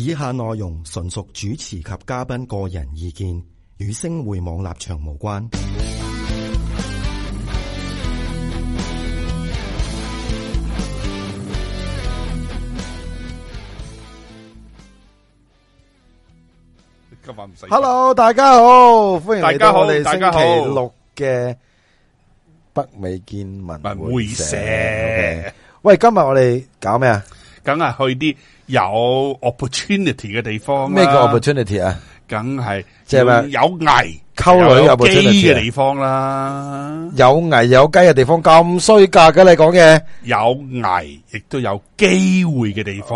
以下內容純屬主持及嘉賓個人意見，與星匯網立場無關。Hello，大家好，歡迎大家。我哋星期六嘅北美見聞會社。會社 okay. 喂，今日我哋搞咩啊？梗係去啲有 opportunity 嘅地方。咩叫 opportunity 啊？梗係即係話有危溝女有機嘅地方啦。有危有雞嘅地方咁衰格嘅，你講嘅，有危亦都有機會嘅地方。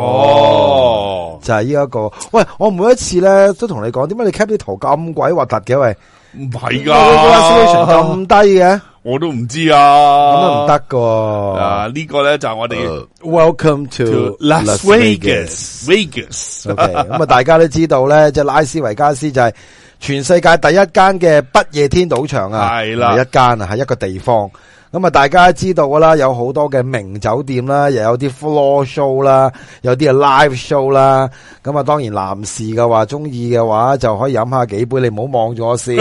就係呢一個。喂，我每一次咧都同你講，點解你 cap 啲圖咁鬼核突嘅？喂，唔係噶，個 situation 係咁低嘅。我都唔知啊，咁都唔得㗎。啊呢個咧就係我哋 Welcome to, to Las Vegas，Vegas。OK。咁啊大家都知道咧，即係拉斯維加斯就係全世界第一間嘅不夜天賭場啊，係啦，一間啊係一個地方。咁啊大家都知道噶啦，有好多嘅名酒店啦，又有啲 floor show 啦，有啲 live show 啦。咁啊當然男士嘅話中意嘅話，話，就可以飲下幾杯。你唔好望咗我笑。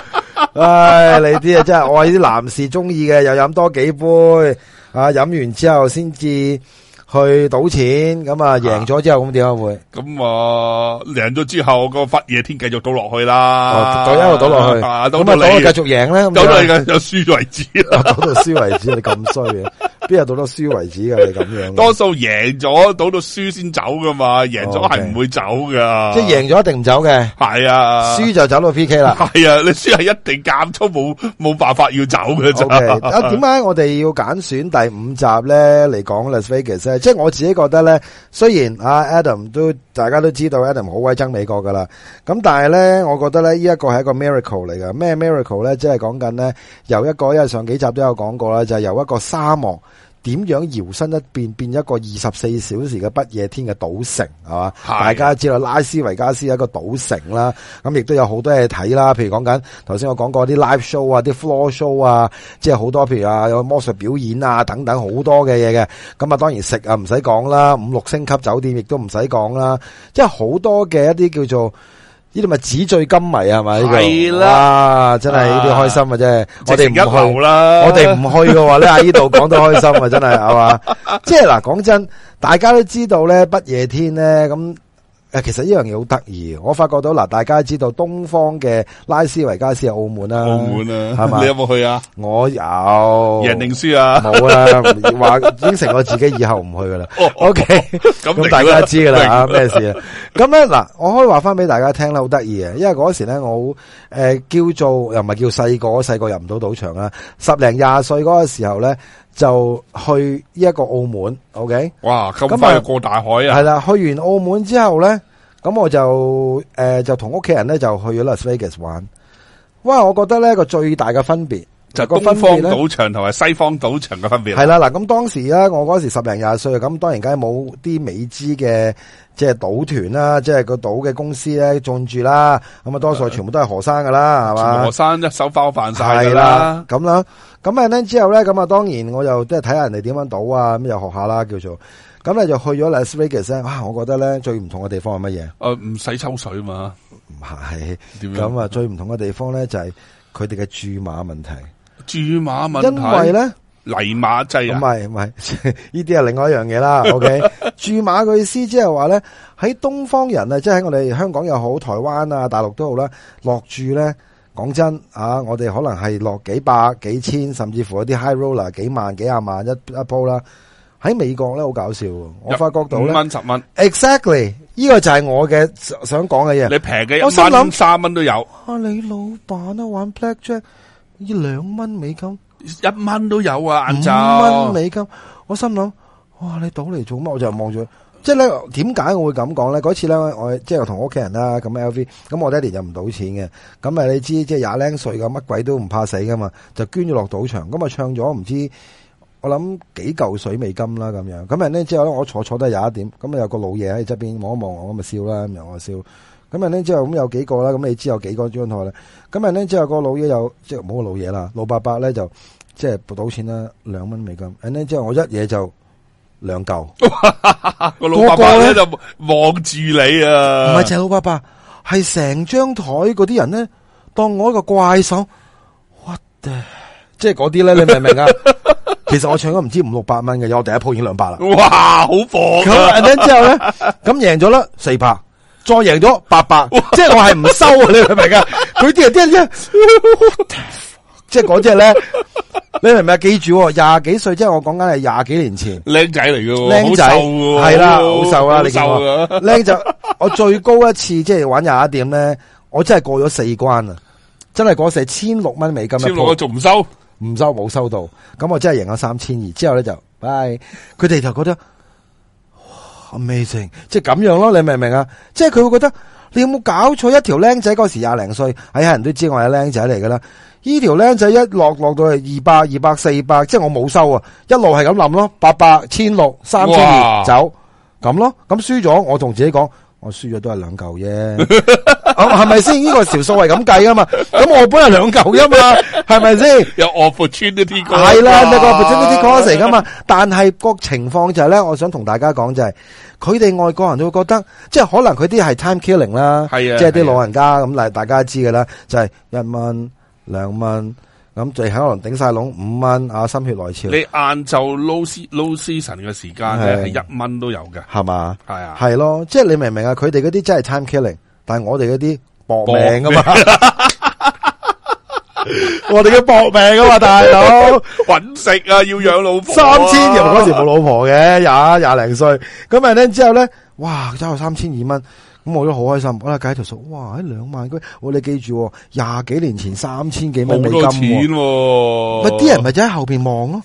唉，你啲啊真係我啲男士中意嘅，又飲多幾杯啊，飲完之後先至去賭錢，咁啊贏咗之後咁點解會？咁啊贏咗之後個忽夜天繼續賭落去啦，賭一路賭落去，咁啊賭啊繼續贏咧，賭到而家又輸為止啦，賭到輸為止啊！你咁衰嘅。邊有賭到輸為止噶？你咁樣，多數贏咗賭到輸先走噶嘛，贏咗係唔會走噶。Oh, okay. 即係贏咗一定唔走嘅。係啊，輸就走到 PK 啦。係啊，你輸係一定減倉，冇冇辦法要走嘅啦。Okay. 啊，點解我哋要揀選第五集咧嚟講 Las Vegas 咧？ 即係我自己覺得咧，雖然啊 Adam 都大家都知道 Adam 好威憎美國噶啦，咁但係咧，我覺得咧呢一個係一個 miracle 嚟噶。咩 miracle 咧？即係講緊咧由一個，因為上幾集都有講過啦，就係、由一個沙漠。點樣搖身一變變一個二十四小時嘅不夜天嘅賭城係嘛？是的 大家知道拉斯維加斯係一個賭城啦，咁亦都有好多嘢睇啦。譬如講緊頭先我講過啲 live show 啊、啲 floor show 啊，即係好多譬如啊有魔術表演啊等等好多嘅嘢嘅。咁啊當然食啊唔使講啦，五六星級酒店亦都唔使講啦，即係好多嘅一啲叫做。呢度咪紙醉金迷啊，係咪呢個？係啦， 真係呢啲開心啊， 真係。我哋唔去啦，我哋唔去嘅話，喺呢度講得開心啊，真係係嘛。即係嗱，講真，大家都知道咧，不夜天咧咁。誒，其實呢樣嘢好得意，我發覺到嗱，大家知道東方嘅拉斯維加斯係澳門啦，澳門啊，係咪吧？你有冇去啊？我有，贏定輸啊？冇 啦，話應承我自己以後唔去噶啦。OK，咁大家知噶啦，咩事啊？咁咧嗱，我可以話翻俾大家聽啦，好得意啊！因為嗰時咧，我誒叫做又唔係叫細個，細個入唔到賭場啊。十零廿歲嗰個時候咧。就去呢一個澳門，OK？哇，咁快過大海啊！係啦，去完澳門之後咧，咁我就誒、呃、就同屋企人咧就去咗 Las Vegas 玩。哇，我覺得咧個最大嘅分別。就個分就係東方賭場同埋西方賭場嘅分別。係啦，嗱咁當時咧，我嗰時十零廿歲，咁當然梗係冇啲美資嘅即係賭團啦，即係個賭嘅公司咧進駐啦。咁啊，多數全，都係係全部都係河山噶啦，係嘛？河山一手包辦晒啦。係啦，咁啦，咁啊聽之後咧，咁啊當然我又即係睇下人哋點樣賭啊，咁又學下啦，叫做咁，你就去咗 Las Vegas，我覺得咧最唔同嘅地方係乜嘢？誒唔使抽水啊嘛。唔係點樣？咁啊最唔同嘅地方咧就係佢哋嘅注碼問題。注碼問題，因為咧泥馬制唔係唔係，呢啲係另外一樣嘢啦。O K，注碼嘅意思即係話咧，喺東方人啊，即係我哋香港又好，台灣啊，大陸都好啦，落注咧，講真啊，我哋可能係落幾百幾千，甚至乎一啲 high roller 幾萬幾廿萬一一鋪啦。喺美國咧好搞笑，我發覺到五蚊十蚊，exactly 呢個就係我嘅想講嘅嘢。你平嘅我心諗，三蚊都有啊！你老闆啊玩 blackjack。呢兩蚊美金，一蚊都有啊！五蚊美金，我心諗，哇！你賭嚟做乜？我就望住，即係咧，點解我會咁講咧？嗰次咧，我即係同屋企人啦，咁 L V，咁我爹哋又唔賭錢嘅，咁啊你知，即係廿零歲噶，乜鬼都唔怕死噶嘛，就捐咗落賭場，咁啊唱咗唔知，我諗幾嚿水美金啦咁樣，咁啊咧之後咧，我坐坐都係廿一點，咁啊有個老嘢喺側邊望一望我，咁咪笑啦，咁樣我笑。咁啊！呢之後咁有幾個啦，咁你知有幾個張台咧？咁啊！呢之後個老嘢有即係冇個老嘢啦，老伯伯咧就即係賭到錢啦，兩蚊美金。咁呢之後我一嘢就兩嚿。個老伯伯咧就望住你啊！唔係，淨係老伯伯係成張台嗰啲人咧，當我一個怪獸。我即係嗰啲咧，你明唔明啊？ 其實我搶咗唔知五六百蚊嘅，因為我第一鋪已經兩百啦。哇！好火啊！咁啊，之後咧咁贏咗啦，四百。再贏咗八百，即係我係唔收，啊。你明唔明啊？佢啲人啲人，即係嗰隻咧，你明唔明啊？記住，廿幾歲，即係我講緊係廿幾年前，靚仔嚟噶，靚仔係啦，好瘦啦，你見啊？靚仔，我最高一次即係玩廿一點咧，我真係過咗四關啊！真係嗰時千六蚊美金，啊。我仲唔收，唔收冇收到，咁我真係贏咗三千二，之後咧就拜。佢哋就覺得。Amazing！即係咁樣咯，你明唔明啊？即係佢會覺得你有冇搞錯？一條僆仔嗰時廿零歲，喺、哎、人都知我係僆仔嚟噶啦。呢條僆仔一落落到係二百、二百四百，即係我冇收啊！一路係咁諗咯，八百、千六、三千二哇 走咁咯。咁輸咗，我同自己講。我輸咗都係兩嚿啫，係咪先？是是呢、呢個條數係咁計噶嘛？咁我本係兩嚿噶嘛，係咪先？有 opportunity cost 啲歌，係啦、啊，啲 opportunity cost 啲歌噶嘛。但係個情況就係、是、咧， 我想同大家講就係、是，佢哋外國人都會覺得，即係可能佢啲係 time killing 啦，係啊，即係啲老人家咁，是啊、大家知噶啦，就係一蚊兩蚊。咁就可能頂晒籠五蚊啊，心血來潮。你晏晝 low season 嘅時間咧，係一蚊都有嘅，係嘛吧？係啊，係咯，即係你明唔明啊？佢哋嗰啲真係 time killing，但係我哋嗰啲搏命噶嘛，我哋要搏命噶、啊、嘛，大佬，搵食啊，要養老婆,、啊三年老婆後後。三千，又嗰時冇老婆嘅，廿廿零歲，咁啊，呢之後咧，哇，揸有三千二蚊。咁我都好開心，我啦計條數，哇，喺兩萬幾我你記住，廿幾年前三千幾蚊美金喎，咪啲、啊、人咪就喺後邊望咯，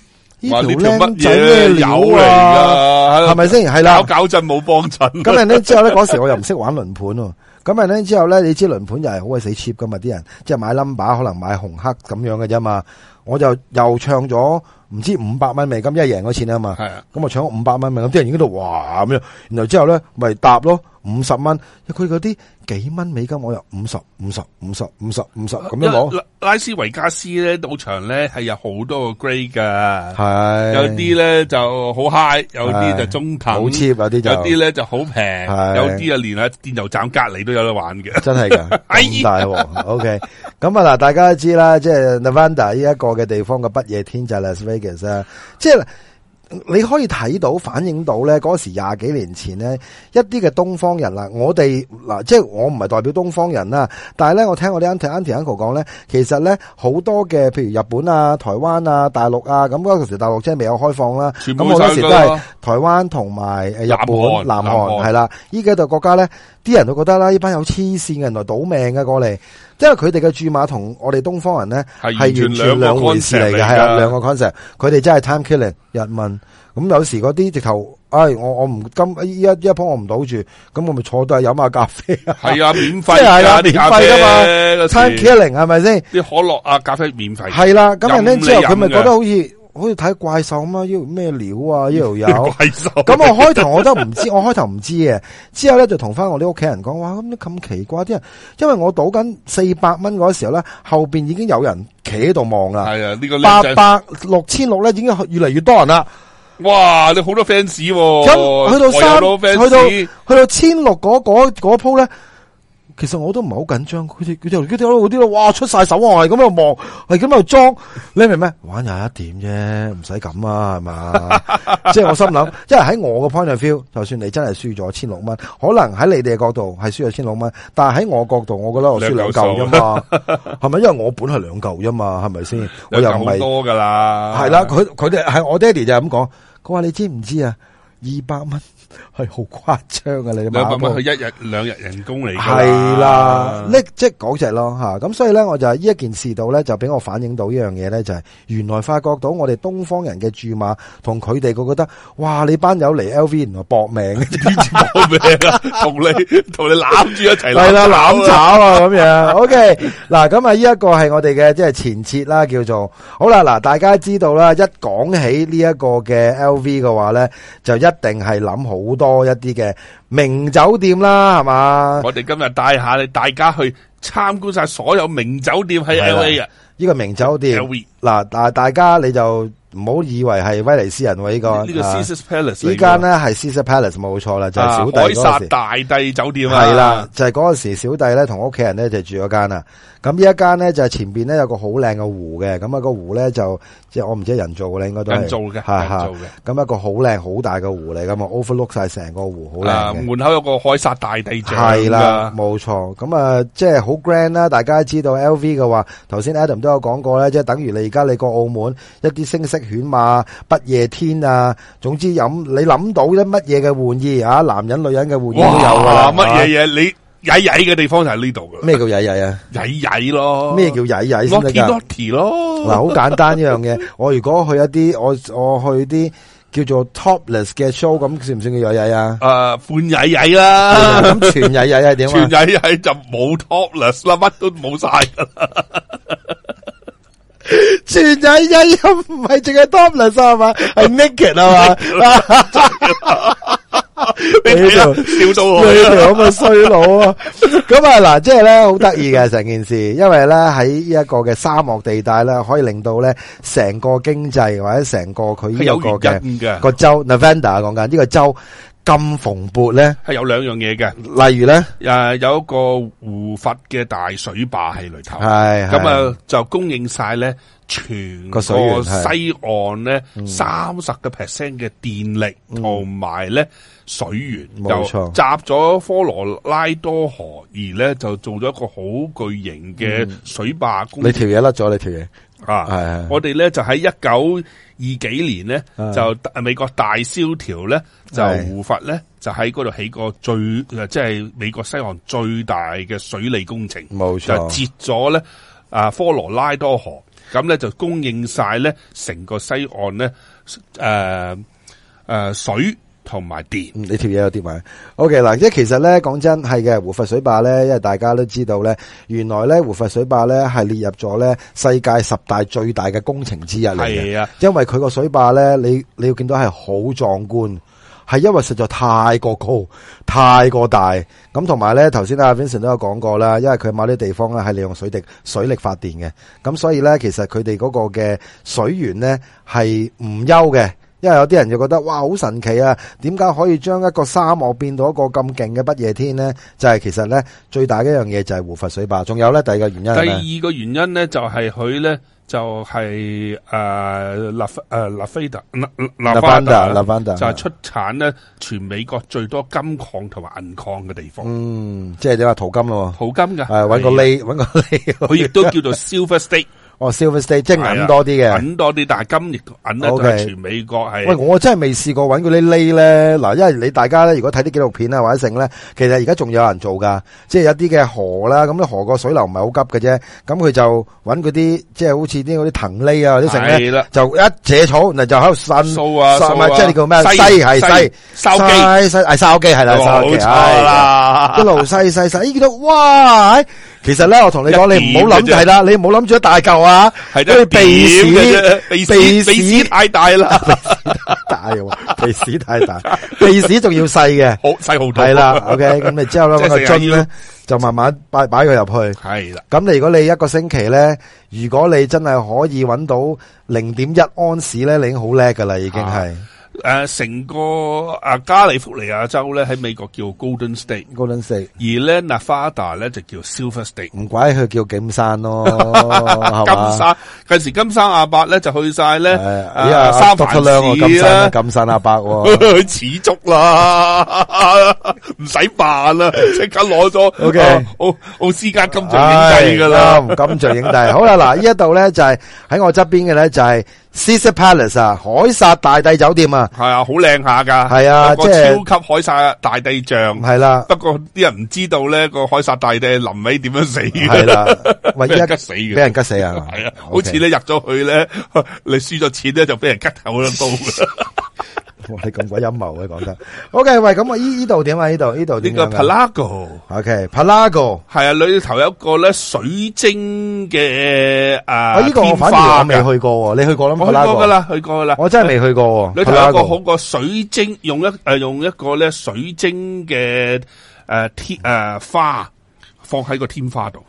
哇條呢條僆仔咩料嚟噶，係咪先？係啦、啊，搞震冇幫襯。咁啊咧之後咧嗰時我又唔識玩輪盤，咁啊咧之後咧你知輪盤又係好鬼死 cheap 噶嘛，啲人即係買 number 可能買紅黑咁樣嘅啫嘛，我就又唱咗唔知五百蚊美金，一贏咗錢啊嘛，係是啊唱，咁啊搶五百蚊咪，咁啲人喺度哇咁樣，然後之後咧咪搭咯。五十蚊，佢嗰啲幾蚊美金我又五十，五十，五十，五十，五十咁樣攞。拉斯維加斯咧賭場咧係有好多個 grade 噶，係的有啲咧就好 high，有啲就中等，好 cheap，有啲有啲咧就好平，的有啲啊連喺電油站隔籬都有得玩嘅，真係噶。 大王、啊、 ，OK，咁啊嗱，大家都知啦，即係 Nevada 呢一個嘅地方嘅不夜天就係 Las Vegas 啦、啊，即係。你可以睇到反映到咧嗰時廿幾年前咧一啲嘅東方人啦，我哋嗱即係我唔係代表東方人啦，但係咧我聽我啲 aunty aunty uncle 講咧，其實咧好多嘅譬如日本啊、台灣啊、大陸啊，咁嗰時大陸真係未有開放啦，咁前面好多時都係台灣同埋誒日本、南韓係啦，依幾度國家咧啲人都覺得啦，呢班有黐線嘅人來賭命嘅過嚟。因為佢哋嘅注碼同我哋東方人咧係完全兩回事嚟嘅，係啊，兩個 concept。佢哋真係 time killing 日文。咁有時嗰啲直頭，哎，我我唔今一一鋪我唔倒住，咁我咪坐度飲下咖啡啊，係啊，免費啊， 免費噶嘛，time killing 係咪先？啲可樂啊，咖啡免費，係啦，咁人咧之後佢咪覺得好似。好似睇怪獸咁啊！呢咩鳥啊？呢度有。怪獸。咁我開頭 我都唔知，我開頭唔知嘅。之後咧就同翻我啲屋企人講，話，咁咁奇怪啲人。因為我賭緊四百蚊嗰時候咧，後邊已經有人企喺度望啦。係啊，呢、這個。八百六千六咧，已經越嚟越多人啦。哇！你好多 fans 啊。咁去到三，去到去到千六嗰嗰嗰鋪咧。那個那個其實我都唔係好緊張，佢由嗰啲啲哇出晒手啊，係咁喺度望，係咁喺度裝，你明咩？玩廿一點啫，唔使咁啊，係嘛？ 即係我心諗，因為喺我嘅 point of view，就算你真係輸咗千六蚊，可能喺你哋嘅角度係輸咗千六蚊，但係喺我角度，我覺得我輸兩嚿啫嘛，係咪？因為我本係兩嚿啫嘛，係咪先？我又唔係多噶啦，係啦，佢佢哋係我爹哋就係咁講，佢話你知唔知啊？二百蚊。係好誇張㗎你咁樣，兩百蚊係一日兩日人工嚟。係啦的，呢、啊、即係講只咯吓，咁所以咧，我就呢一件事度咧，就俾我反映到一樣嘢咧，就係、是、原來發覺到我哋東方人嘅注碼同佢哋佢覺得，哇！你班友嚟 LV，原來搏命搏命同、啊、 你同你攬住一齊，係啦，攬炒啊咁樣。 OK，嗱咁啊，呢一個係我哋嘅即係前設啦，叫做好啦。嗱，大家知道啦，一講起呢一個嘅 LV 嘅話咧，就一定係諗好。好多一啲嘅名酒店啦，係嘛？我哋今日帶下你大家去參觀晒所有名酒店喺 L A 啊！呢個名酒店，嗱嗱，大家你就。唔好以為係威尼斯人喎，啊，呢個呢個 Caesars Palace，呢間呢係 Caesars Palace 冇錯啦，就係、是、小弟嗰、啊、凱撒大帝酒店啊，係啦，就係嗰陣時候小弟呢同屋企人呢就住咗間啦。咁呢、啊、一間呢就係前面呢有個好靚嘅湖嘅，咁、那、啊個湖呢就即係我唔知人造嘅應該都係人造嘅，係，嚇咁一個好靚好大嘅湖嚟㗎嘛，overlook 曬成個湖好靚嘅，門口有個凱撒大帝像，係啦，冇錯。咁啊即係好 grand 啦，大家知道 LV 嘅話，頭先 Adam 都有講過咧，即係等於你而家你過澳門一啲星級。犬馬不夜天啊，總之有你諗到啲乜嘢嘅玩意啊，男人女人嘅玩意都有啊。乜嘢嘢？你曳曳嘅地方就喺呢度嘅。咩叫曳曳啊？曳曳咯。咩叫曳曳先得噶？Naughty naughty 咯。嗱，好簡單一樣嘢。我如果去一啲，我我去啲叫做 Topless 嘅 show，咁算唔算叫曳曳啊？誒，半曳曳啦。咁全曳曳係點啊？全曳曳就冇 Topless 啦，乜都冇晒。全仔仔又唔係淨係當兩三百，係 naked 啊嘛，你條笑到你條咁嘅衰佬啊！咁啊嗱，即係咧好得意嘅成件事，因為咧喺呢一個嘅沙漠地帶咧，可以令到咧成個經濟或者成個佢呢個嘅個州 Nevada 講緊呢個州。咁蓬勃咧，係有兩樣嘢嘅，例如咧，誒有一個胡佛嘅大水壩喺裏頭，係咁啊就供應晒咧，全個西岸咧三十個 percent 嘅電力同埋咧水源，冇錯，嗯、錯集咗科羅拉多河而咧就做咗一個好巨型嘅水壩供應你條嘢甩咗，你條嘢。你啊！的我哋咧就喺一九二幾年咧，就美國大蕭條咧就胡佛咧，就喺嗰度起個最即係美國西岸最大嘅水利工程，冇錯錯，就截咗咧啊科羅拉多河，咁咧就供應晒咧成個西岸咧誒誒水。同埋電，嗯，呢條嘢，有啲埋。OK，嗱，即係其實咧，講真係嘅，胡佛水壩咧，因為大家都知道咧，原來咧胡佛水壩咧係列入咗咧世界十大最大嘅工程之一嚟嘅。啊的，因為佢個水壩咧，你你要見到係好壯觀，係因為實在太過高，太過大。咁同埋咧，頭先阿 Vincent 都有講過啦，因為佢某啲地方咧係利用水滴水力發電嘅，咁所以咧，其實佢哋嗰個嘅水源咧係唔優嘅。因為有啲人就覺得哇好神奇啊，點解可以將一個沙漠變到一個咁勁嘅不夜天呢？就係、是、其實咧最大嘅一樣嘢就係胡佛水壩。仲有咧第二個原因。第二個原因咧就係佢咧就係、是、誒、呃拉，呃、拉菲誒、呃、拉菲特拉拉班達拉班達就係出產咧的全美國最多金礦同埋銀礦嘅地方。嗯，即係你話淘金咯，淘金嘅、啊、搵的個利，搵的個利，佢亦的 都叫做 Silver State。哦，Silver State 即係銀多啲嘅，銀多啲，但係金亦揞得都係全美國係。喂，我真係未試過揾嗰啲瀨咧，嗱，因為你大家咧，如果睇啲紀錄片啊或者剩咧，其實而家仲有人做噶，即係有啲嘅河啦，咁咧河個水流唔係好急嘅啫，咁佢就揾嗰啲，即係好似啲嗰啲藤瀨啊啲剩咧，就一扯草嗱就喺度伸，伸啊，即係你叫咩？篩係篩，燒機，燒機係啦，燒機係啦，一路篩篩篩，咦見到哇！其實咧，我同你講，你唔好諗就係啦，你唔好諗住一大嚿啊，係啲鼻屎，鼻屎史史太大啦，鼻屎太大，鼻屎仲要細嘅， 好細好大。係啦，OK，咁你之後咧個樽咧就慢慢擺擺佢入去，係啦的，咁你如果你一個星期咧，如果你真係可以揾到零點一安士咧，你已經好叻噶啦，已經係。誒，成個啊加利福尼亞州咧喺美國叫 Golden State，Golden State。而咧內華達咧就叫 Silver State。唔怪佢叫金山咯，金山。嗰時金山阿伯咧就去晒咧，三藩市啦，金山阿伯佢始足啦，唔使扮啦，即刻攞咗。O K，好，我私家金像影帝噶啦，金像影帝。好啦，嗱，呢一度咧就係喺我側邊嘅咧就係。City Palace 啊，海沙大地酒店啊，係啊，好靚下噶，係啊，超級海沙大地像，係啦、啊啊啊。不過啲人唔知道咧，個海沙大地臨尾點樣死嘅，係啦，俾人拮死嘅，俾人拮死啊，係啊 okay，好似咧入咗去咧，你輸咗錢咧就俾人拮頭刀。 你咁鬼陰謀嘅講得，OK 喂，咁我依依度點啊？呢度呢度呢個 Palago，OK、okay, Palago 係啊，裏頭有一個咧水晶嘅誒、呃啊這個、天花未去過喎！你去過啦？我去過噶啦 ago，去過噶啦。我真係未去過。裏頭、呃、ago 有一個好過水晶，用一誒用一個咧水晶嘅誒誒花放喺個天花度，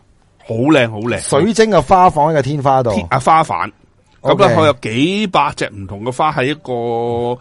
好靚好靚。水晶嘅花放喺個天花度，啊花繁咁咧，佢 Okay 有幾百隻唔同嘅花喺一個。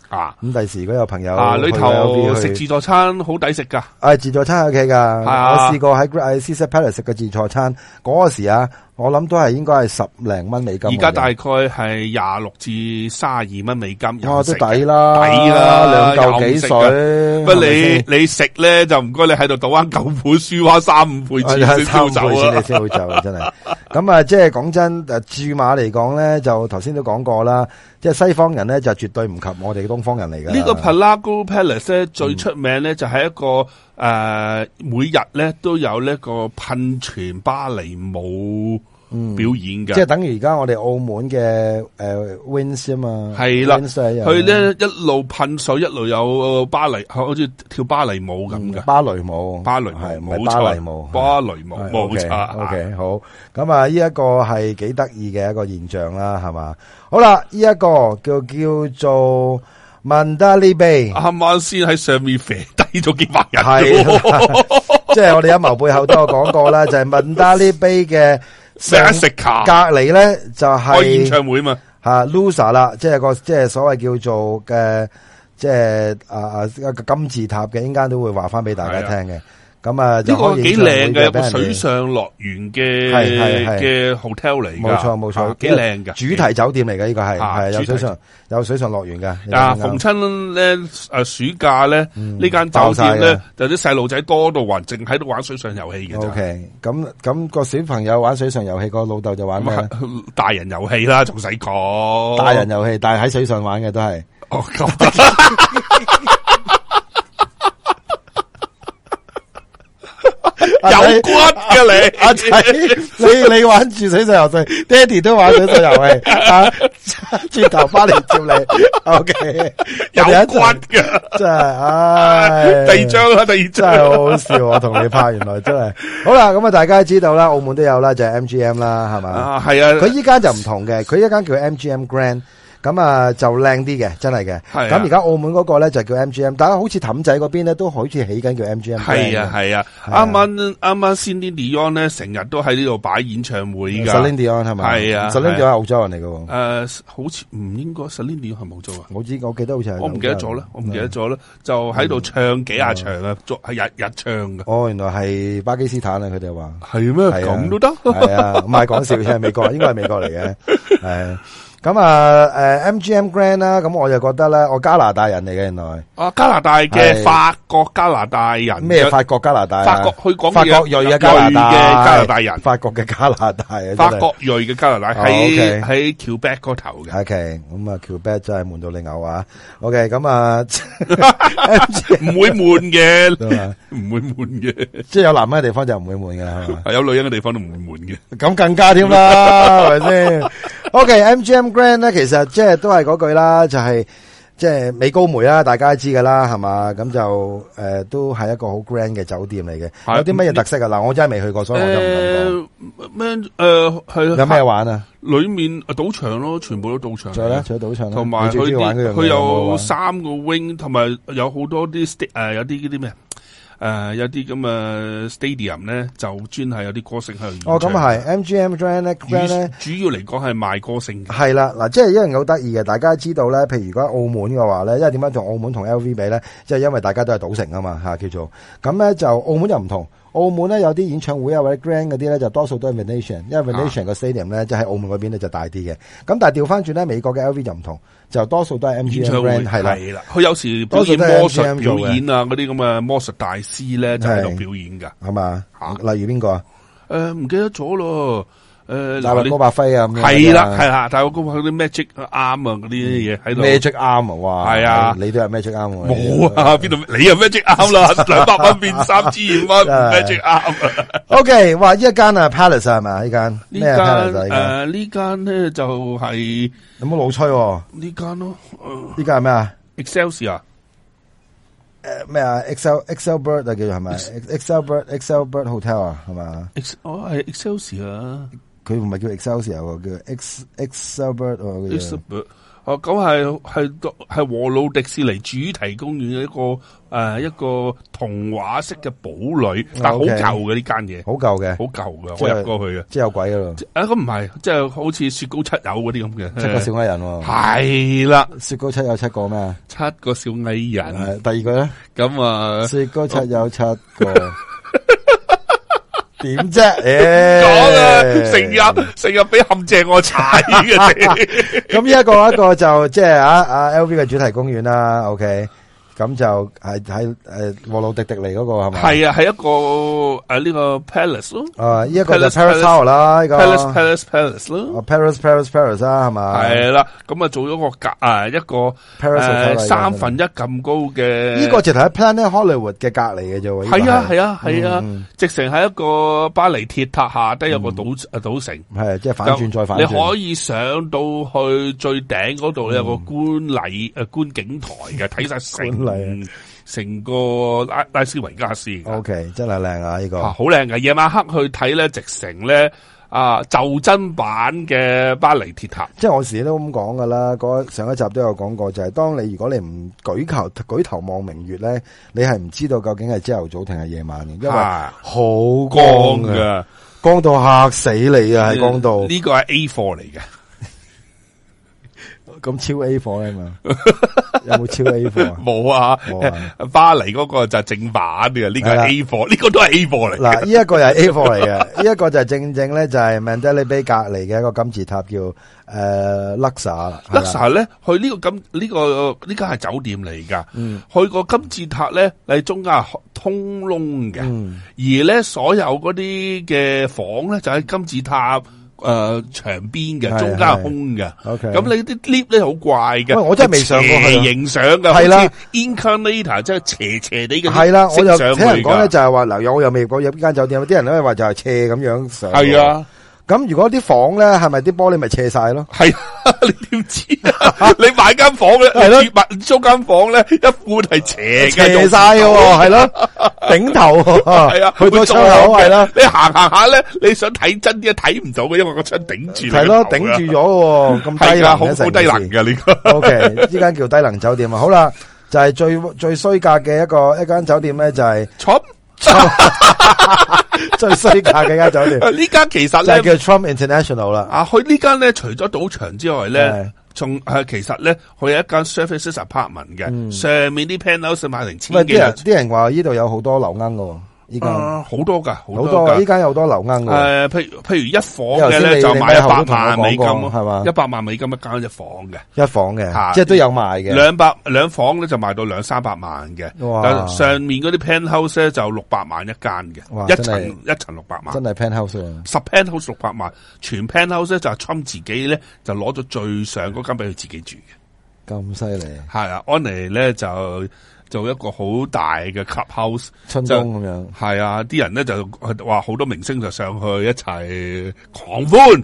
啊！咁第時如果有朋友去,個去，有冇去食自助餐？好抵食噶！誒，自助餐 OK 噶。啊，我試過喺 Caesars Palace 食個自助餐，嗰時啊，我諗都係應該係十零蚊美金。而家大概係廿六至卅二蚊美金，應該都抵啦，抵啦，兩嚿幾水。不過你你食咧就唔該，你喺度倒翻九本輸翻三五倍，至少要走啊！真係咁啊，即係講真，誒，駐馬嚟講咧，就頭先都講過啦。即係西方人咧，就絕對唔及我哋東方人嚟嘅。呢個 Palago Palace 咧，最出名咧，就係一個、嗯呃、每日咧都有呢個噴泉芭蕾舞。表演嘅，即係等於而家我哋澳門嘅誒 Wins 啊嘛，係啦，佢咧一路噴水，一路有芭蕾，好似跳芭蕾舞咁嘅芭蕾舞，芭蕾係冇錯，芭蕾舞冇錯。O K 好，咁啊，呢一個係幾得意嘅一個現象啦，係嘛？好啦，呢一個叫叫做 Mandalay Bay 啱啱先喺上面肥低咗幾百人，係即係我哋一謀背後都有講過啦，就係 Mandalay Bay 嘅。食一食卡，隔籬咧就係演唱會嘛，吓 Luxor 啦，即係個即係所謂叫做嘅，即係啊啊一個金字塔嘅，陣間都會話翻俾大家聽嘅。咁啊！呢個幾靚嘅，有個水上樂園嘅嘅 hotel 嚟噶，冇錯冇錯，幾靚嘅主題酒店嚟嘅呢個係，係有水上有水上樂園嘅。啊，逢親咧誒暑假咧呢間酒店咧，就啲細路仔多到還，淨喺度玩水上遊戲嘅。OK，咁咁個小朋友玩水上遊戲，個老豆就玩咩？大人遊戲啦，仲使講？大人遊戲，但係喺水上玩嘅都係。哦咁。有骨㗎你，阿仔，你你玩住水上遊戲，爹哋都玩水上遊戲，轉頭返嚟接你，OK，有骨㗎，真係，唉，第二張啦，第二張真係好笑，我同你拍，原來真係，好啦，咁啊，大家知道啦，澳門都有啦，就係 MGM 啦，係咪？啊，係啊，佢依間就唔同嘅，佢一間叫 MGM Grand。咁啊，就靚啲嘅，真係嘅。咁而家澳門嗰個咧就叫 MGM，大家好似氹仔嗰邊咧都好似起緊叫 MGM。係啊，係啊。啱啱啱啱先啲 leon 咧，成日都喺呢度擺演唱會噶。s i n Dion 係咪？係啊 i n Dion 澳洲人嚟噶。誒，好似唔應該 s i n Dion 係冇做啊。我知，我記得好似係。我唔記得咗啦，我唔記得咗啦，就喺度唱幾下場啊，係日日唱噶。哦，原來係巴基斯坦啊，佢哋話。係咩？咁都得？係啊，唔係講笑，係美國，應該係美國嚟嘅，係。咁啊，誒，MGM Grand 啦，咁我就覺得咧，我加拿大人嚟嘅原來，哦，加拿大嘅法國加拿大人，咩法國加拿大？法國去講嘢，法國裔嘅加拿大人，法國嘅加拿大，法國裔嘅加拿大，喺喺 Quebec 嗰頭嘅，OK，咁啊，Quebec 真係悶到你牛啊，OK，咁啊，唔會悶嘅，唔會悶嘅，即係有男人嘅地方就唔會悶嘅係嘛，係有女人嘅地方都唔會悶嘅，咁更加添啦，係咪先？OK，MGM。grand 咧，其實即係都係嗰句啦，就係即係美高梅啦，大家知、呃、都知噶啦，係嘛，咁就誒，都係一個好 grand 嘅酒店嚟嘅。的有啲乜嘢特色啊？嗱、嗯，我真係未去過，所以我就唔敢講。咩，誒，係有咩玩啊？裏面賭場咯，全部都賭場。再咧，再賭場咯。同埋佢佢有三個 wing，同埋有好多啲 stick 誒，有啲啲咩？誒、呃、有啲咁嘅 stadium 咧，就專係有啲歌星去。哦，咁係 MGM Grand 咧，Grand 呢？主要嚟講係賣歌星。係、嗯、啦，嗱，即係一樣好得意嘅，大家知道咧，譬如如果澳門嘅話咧，因為點解同澳門同 LV 比咧，即、就、係、是、因為大家都係賭城嘛啊嘛嚇，叫做咁咧就澳門又唔同。澳門咧有啲演唱會啊或者 Grand 嗰啲，咧就多數都係 Venetian，因為 Venetian 個 stadium 咧、啊、就喺澳門嗰邊咧就大啲嘅。咁但係調翻轉咧美國嘅 LV 就唔同，就多數都係 MGM 會係啦，佢有時都係魔術表演啊嗰啲咁嘅魔術大師咧就喺、是、度表演噶，係嘛吧、啊、例如邊個啊？誒、呃，唔記得咗咯。誒，大我高把飛啊！係啦，係啊，大我高佢啲 magic 啱啊！嗰啲嘢喺度。magic 啱啊！哇，係啊，你都係 magic 啱啊！冇啊，邊度你又 magic 啱啦？兩百蚊變三千蚊，magic 啱。OK，哇！呢一間啊，Palace 係嘛？呢間呢間呢間咧就係有冇腦吹？呢間咯，呢間係咩啊？Excel 啊？誒咩啊？Excel Excel Bird 叫做係咪？Excel Bird Excel Bird Hotel 啊？係嘛？哦，係 Excel 啊！佢唔係叫 Excelsior，叫 Ex Excalibur 哦。Excalibur 哦，咁係係係和路迪士尼主題公園一個誒一個童話式嘅堡壘，但好舊嘅呢間嘢，好舊嘅，好舊嘅，我入過去嘅，即係有鬼啊！啊，咁唔係，即係好似雪糕七友嗰啲咁嘅，七個小矮人，係啦，雪糕七友七個咩？七個小矮人，第二個咧，咁啊，雪糕七友七個。點啫？講啊！成日成日俾陷阱我踩嘅，咁呢一個一個就即係啊啊 LV 嘅主題公園啦，OK。咁就係喺誒和路迪迪尼嗰個係咪？係啊，係一個誒呢個 palace 咯。誒，呢一個 palace tower 啦，一個。palace palace palace 咯。palace palace palace 啊，係嘛？係啦，咁啊做咗個格啊一個誒三分一咁高嘅。呢個直頭喺 Planet Hollywood 嘅隔籬嘅啫喎。係啊，係啊，係啊，直成係一個巴黎鐵塔下低有個島，誒島城。係，即係反轉再反。你可以上到去最頂嗰度，有個觀禮誒觀景台嘅，睇晒城。嚟成、嗯、個拉斯維加斯，O、okay, K，真係靚啊！呢、這個好靚嘅，夜晚黑去睇咧，直情咧啊，袖珍版嘅巴黎鐵塔。即係我時都咁講噶啦，上一集都有講過，就係、是、當你如果你唔舉球舉頭望明月咧，你係唔知道究竟係朝頭早定係夜晚，因為好光嘅、啊，光，的光到嚇死你啊！喺光度呢、嗯這個係 A 貨嚟嘅。咁超 A 貨啊嘛，有冇超 A 貨啊？冇啊，巴黎嗰個就係正版嘅，呢個係 A 貨，呢個都係 A 貨嚟。嗱，呢一個又係 A 貨嚟嘅，呢一個就係正正咧，就係 Mandalay Bay 隔籬嘅一個金字塔叫誒 Luxor，Luxor 咧去呢個金呢個呢間係酒店嚟噶去個金字塔咧，你中間係通窿嘅，而咧所有嗰啲嘅房咧就喺金字塔。誒，牆邊嘅，中間係空嘅。okay，咁你啲 lift 咧好怪嘅。喂，我真係未上過去影相嘅。係啦 inclinator 真係斜斜地嘅。係啦，我就聽人講咧，就係話嗱，有我又未過入邊間酒店，有啲人咧話就係斜咁樣上。係啊。咁如果啲房咧，係咪啲玻璃咪斜晒咯？係你點知啊？你買間房咧，係咯，租間房咧，一半係斜斜晒嘅喎，係咯，頂頭係啊，去到窗口係咯，你行行下咧，你想睇真啲啊，睇唔到嘅，因為個窗頂住，係咯，頂住咗，咁低啦，好低能嘅呢個。OK，呢間叫低能酒店啊，好啦，就係最最衰格嘅一個一間酒店咧，就係。 最西格嘅間酒店，呢間 其實呢就係叫 Trump International 啦。啊，去間呢間咧，除咗賭場之外咧，仲係的其實咧，佢有一間 service apartment 嘅，上面啲 panel 四萬零千。喂，啲人啲人話呢度有好多流鶯噶。啊！好多噶，好多噶，依家有好多流硬嘅。誒，譬譬如一房嘅咧就買一百萬美金，係嘛？一百萬美金一間一房嘅，一房嘅，即係都有賣嘅。兩百兩房咧就賣到兩三百萬嘅。哇！上面嗰啲 penthouse 咧就六百萬一間嘅，一層一層六百萬。真係 penthouse 十 penthouse 六百萬，全 penthouse 呢，就係侵自己咧就攞咗最上嗰間俾佢自己住嘅。咁犀利係啊，安妮咧就。做一個好大嘅 club house 春裝咁樣，係啊！啲人咧就話好多明星就上去一齊狂歡，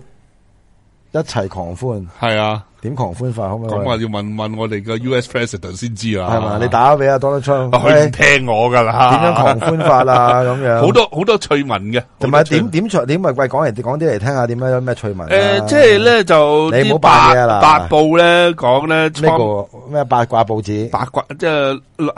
一齊狂歡，係啊！點狂歡法？好唔好？咁啊要問問我哋個 U.S. President 先知啊？係嘛？你打俾阿 Donald Trump，佢唔聽我噶啦。點樣狂歡法啊？咁樣好多好多趣聞嘅，同埋點點出？點咪貴講嚟講啲嚟聽下？點樣有咩趣聞？誒，即係咧就啲八八報咧講咧呢個咩八卦報紙？八卦即係誒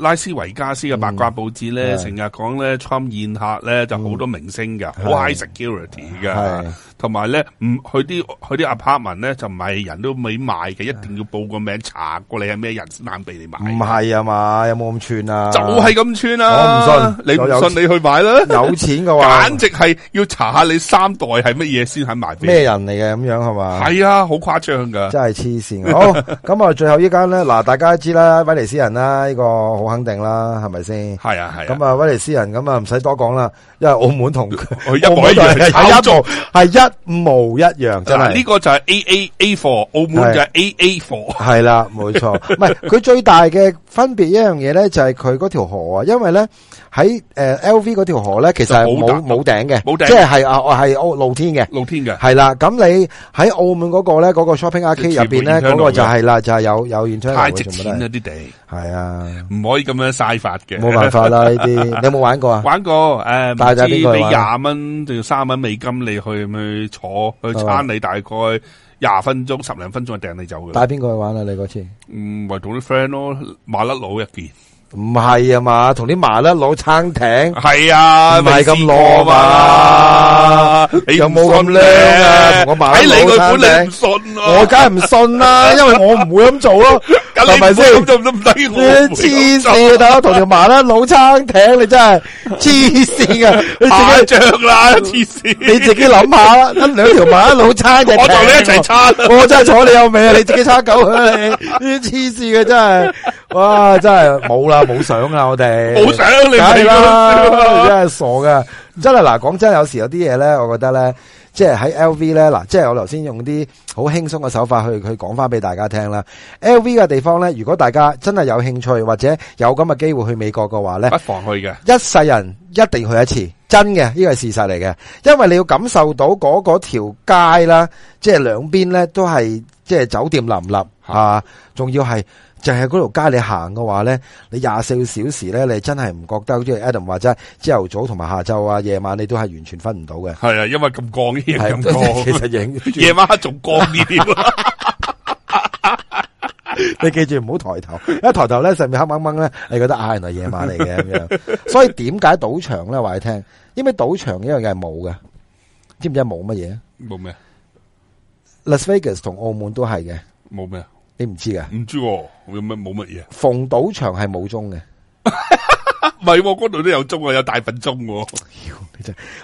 拉斯維加斯嘅八卦報紙咧，成日講咧 Trump 宴客咧就好多明星噶，High Security 噶。同埋咧，唔佢啲佢啲 apartment 咧就唔係人都未買嘅，一定要報個名查過你係咩人先肯俾你買。唔係啊嘛，有冇咁串啊？就係咁串啊！我唔信你唔信你去買啦。有錢嘅話，簡直係要查下你三代係乜嘢先肯買。咩人嚟嘅咁樣係嘛？係啊，好誇張噶，真係黐線。好咁啊，最後依間咧嗱，大家知啦，威尼斯人啦，呢個好肯定啦，係咪先？係啊係。咁啊威尼斯人，咁啊唔使多講啦，因為澳門同澳係一。無一樣真係呢個就係 A A A 貨，澳門就係 A A 貨，係啦， 冇錯。唔係佢最大嘅分別一樣嘢咧，就係佢嗰條河啊，因為咧喺誒 L V 嗰條河咧，其實係冇冇頂嘅，冇頂即係係啊係澳露天嘅，露天嘅係啦。咁你喺澳門嗰個咧，嗰、嗰個 shopping arcade 入邊咧，嗰個就係啦，就係、係、有有演唱會，太值錢啲地。係啊，唔可以咁樣嘥法嘅，冇辦法啦呢啲。你有冇玩過啊？玩過，誒， 唔、呃、知俾廿蚊定要三蚊美金，你去去坐去撐你大概廿分鐘、十零分鐘就掟你走嘅。帶邊個去玩啊？你嗰次？嗯，咪同啲 friend 咯，麻甩佬一件，唔係啊嘛，同啲麻甩佬撐艇，係啊，唔係咁攞嘛，你有冇咁靚啊？同個麻甩佬唔信、啊？我梗係唔信啦，因為我唔會咁做咯、啊。咁都唔得黐綫，大佬同條麻甩佬撐艇，你真係黐綫啊！誇張啦，黐綫，你自己諗下啦，兩條麻甩佬撐艇，我同你一齊撐，我真係坐你後尾啊！你自己撐夠啊你，黐綫嘅真係，哇真係冇啦冇想啦，我哋冇想你睇啦，真係傻噶，真係嗱講真，有時有啲嘢咧，我覺得咧。即係喺 LV 呢，嗱，即係我頭先用啲好輕鬆嘅手法去，去講翻俾大家聽啦。LV 嘅地方呢，如果大家真係有興趣或者有咁嘅機會去美國嘅話呢，不妨去嘅，一世人一定去一次，真嘅，呢個係事實嚟嘅，因為你要感受到嗰嗰條街啦，即係兩邊呢都係即係酒店林立，吓的，啊，仲要係。就係嗰條街你行嘅話咧，你廿四小時咧，你真係唔覺得好似 Adam 話齋，朝頭早同埋下晝啊、夜晚你都係完全分唔到嘅。係啊，因為咁光呢嘢咁光，的其實影夜晚仲光啲。你記住唔好抬頭，一抬頭咧上面黑掹掹咧，你覺得啊原來夜晚嚟嘅咁樣。 所以點解賭場咧話你聽？因為賭場呢樣嘢係冇㗎，知唔知冇乜嘢？冇咩？Las Vegas 同澳門都係嘅。冇咩？你唔知噶？唔知、哦，有咩冇乜嘢？逢賭場係冇鐘嘅，唔係，嗰度都有鐘啊，有大份鐘、哦。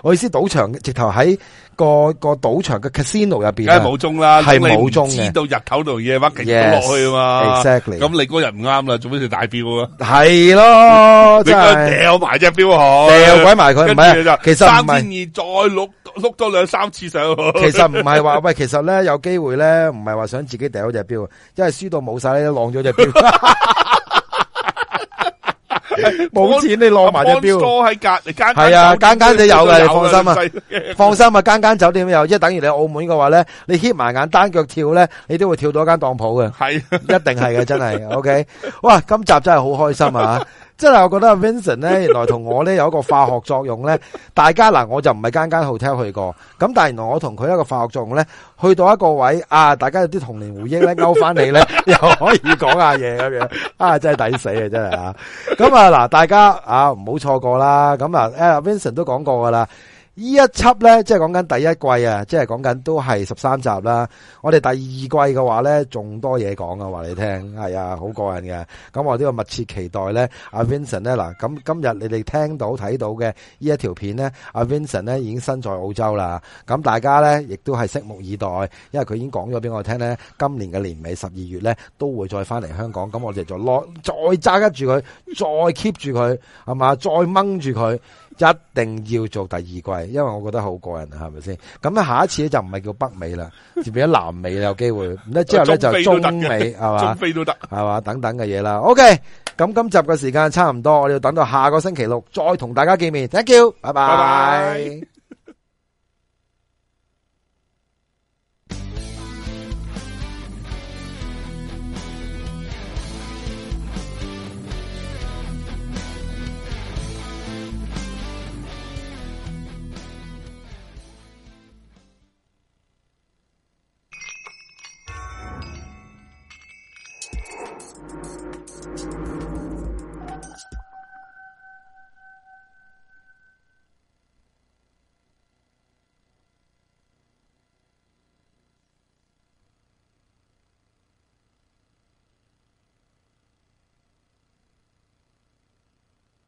我意思賭場直頭喺個個賭場嘅 casino 入邊，梗係冇中啦，係冇中嘅。知到，入口度嘢乜嘢落去啊嘛，咁你嗰日唔啱啦，做乜事大標啊？係咯，即係掉埋隻標嗬，掉鬼埋佢，唔係啊，其實三千二再碌碌多兩三次上去。其實唔係話喂，其實咧有機會咧，唔係話想自己掉咗隻標，因為輸到冇晒咧，浪咗隻標。冇 錢你攞埋隻表，坐喺隔籬間係啊，間間都有㗎。你放心啊，放心啊，間間酒店都有，即係等於你喺澳門嘅話咧，你瞌埋眼單腳跳咧，你都會跳到一間當鋪嘅，係是的 一定係嘅，真係，OK，哇，今集真係好開心啊！即係我覺得 Vincent 咧，原來同我咧有一個化學作用咧，大家嗱我就唔係間間 hotel 去過，咁但係原來我同佢一個化學作用咧，去到一個位啊，大家有啲童年回憶咧勾翻你咧，又可以講下嘢咁樣，啊真係抵死啊，真係啊。咁啊嗱，大家啊唔好錯過啦，咁啊 Vincent 都講過噶啦。呢一輯咧，即係講緊第一季啊，即係講緊都係十三集啦。我哋第二季嘅話咧，仲多嘢講啊，話你聽，係啊，好過癮嘅。咁我都要密切期待咧，阿 Vincent 咧，嗱，咁今日你哋聽到睇到嘅呢一條片咧，阿 Vincent 咧已經身在澳洲啦。咁大家咧，亦都係拭目以待，因為佢已經講咗俾我聽咧，今年嘅年尾十二月咧，都會再翻嚟香港。咁我哋就攞再揸得住佢，再 keep 住佢，係嘛，再掹住佢。一定要做第二季，因為我覺得好過癮，係咪先？咁咧，下一次咧就唔係叫北美啦，變咗南美有機會，唔得之後咧就中美，係嘛，中非都得係嘛，等等嘅嘢啦。OK，咁今集嘅時間差唔多，我哋要等到下個星期六再同大家見面，thank you，拜拜。